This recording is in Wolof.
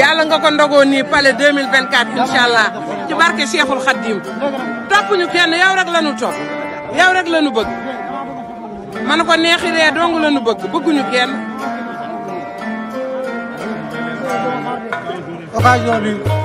yàlla nga ko ndogoo nii pale 2024 incha allah ci barke Cheikhul Khadim topp ñu kenn yow rek la ñu topp yow rek la ñu bëgg man ko neexi ree dong la bëgg bëgguñu kenn. occasion bi.